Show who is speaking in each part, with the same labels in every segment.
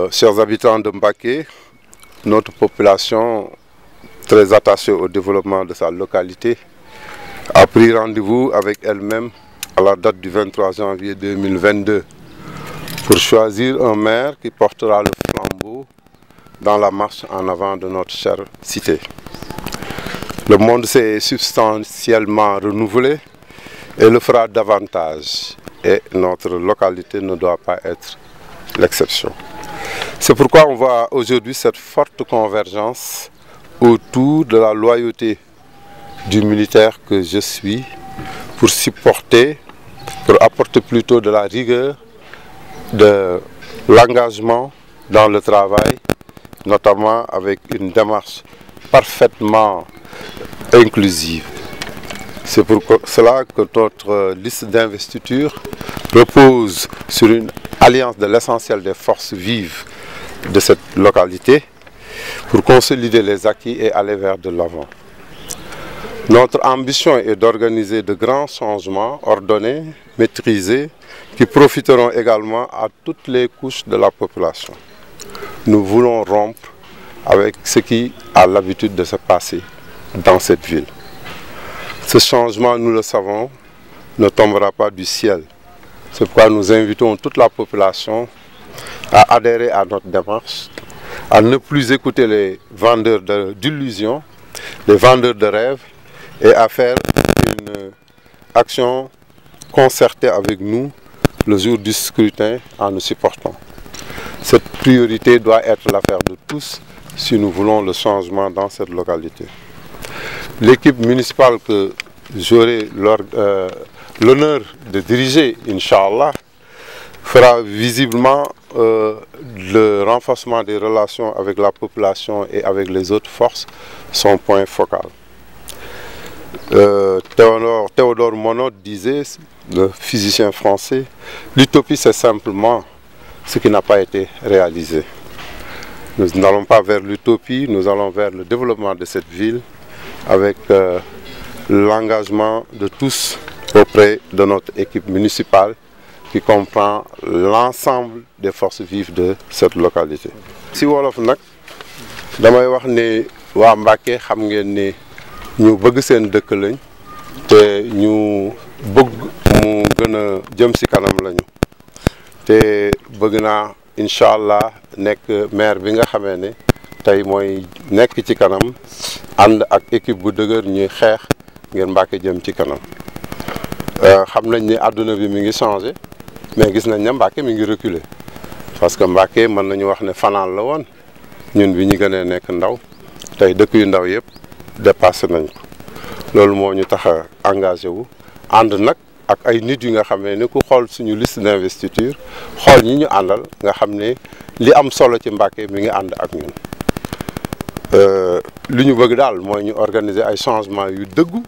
Speaker 1: Euh, chers habitants de Mbacké, population très au développement de sa localité a pris rendez-vous avec elle-même à la date du 23 janvier 2022 pour choisir un maire qui portera la marche en avant de notre chère cité. Le monde s'est substantiellement renouvelé et le fera davantage et notre localité ne doit pas C'est pourquoi on voit aujourd'hui cette forte convergence autour de la loyauté du militaire que je suis pour supporter, pour apporter plutôt de la rigueur, de l'engagement dans le travail, notamment avec une démarche parfaitement inclusive. C'est pour cela que notre liste d'investiture repose sur une alliance de l'essentiel des forces vives de cette localité pour consolider les acquis et aller vers de l'avant. Notre ambition est d'organiser de grands changements ordonnés, maîtrisés, qui profiteront également à toutes les couches de la population. Nous voulons rompre avec ce qui a l'habitude de se passer dans cette ville. Ce changement, nous le savons, ne tombera pas du ciel. C'est pourquoi nous invitons toute la population à adhérer à notre démarche, à ne plus écouter les vendeurs d'illusions, les vendeurs de rêves, et à faire une action concertée avec nous le jour du scrutin en nous supportant. Cette priorité doit être l'affaire de tous si nous voulons le changement dans cette localité. L'équipe municipale que j'aurai euh, l'honneur de diriger, Inch'Allah, fera visiblement euh, le renforcement des relations avec la population et avec les autres forces son point focal. Euh, Théodore, Théodore Monod disait, le physicien français, l'utopie c'est simplement ce qui n'a pas été réalisé. Nous n'allons pas vers l'utopie, nous allons vers le développement de cette ville avec euh, l'engagement de tous auprès de notre équipe municipale qui comprend l'ensemble des force vives de cette localité si wolof nag damay wax ni waa Mbàkke xam ngeen ni ñu bëgg seen dëkk lañ te ñu bëgg mu gën a jëm si kanam lañu te bëgg naa incha allah nekk maire bi nga xamee ni tey mooy nekk ci kanam ànd ak équipe bu dëgër ñuy xeex ngir Mbàkke jëm ci kanam euh, xam nañ ni àdduna bi mi ngi changé mais gis nañ ne Mbacke mi ngi reculer parce que Mbacke mën nañu wax ne fanaan la woon ñun bi ñu gënee nekk ndaw tey dëkk yu ndaw yëpp dépassé nañ ko loolu moo ñu tax a engagé wu ànd nag ak ay nit yu nga xam ne ni ku xool suñu liste d'investiture xool ñu ñu àndal nga xam ne li am solo ci Mbacke mi ngi ànd ak ñun euh, li ñu bëgg daal mooy ñu organiser ay changement yu dëggu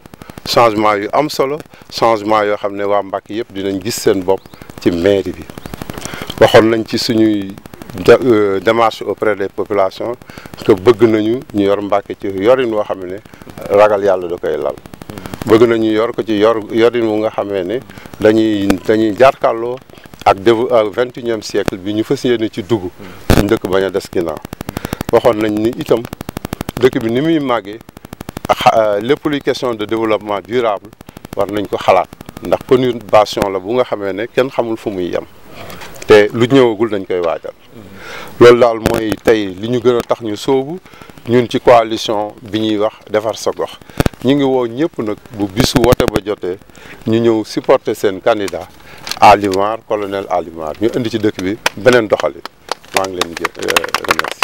Speaker 1: changement yu am solo changement yoo xam ne waa Mbacke yëpp dinañ gis seen bopp ci mairie bi waxoon nañ ci suñuy euh, démarche auprès des population que bëgg nañu ñu yor Mbàkke ci yorin woo xam ne ragal yàlla da koy lal bëgg nañu yor ko ci yor yorin wu nga xame ne dañuy dañuy jàkkaarloo ak dév euh, vingt unième siècle bi ñu fas yéene ci dugg suñ dëkk bañ a des ginnaaw waxoon nañ ni itam dëkk bi ni muy màggee euh, lépp luy question de développement durable war nañ ko xalaat ndax perturbation la bu nga xamee ne kenn xamul fu muy yem te lu ñëwagul dañ koy waajal loolu daal mooy tey li ñu gën a tax ñu soobu ñun ci coalition bi ñuy wax defar sa gox ñu ngi woo ñëpp nag bu bisu wote ba jotee ñu ñëw supporter seen candidat Alimar colonel Alimar ñu indi ci dëkk bi beneen doxali maa ngi leen di euh,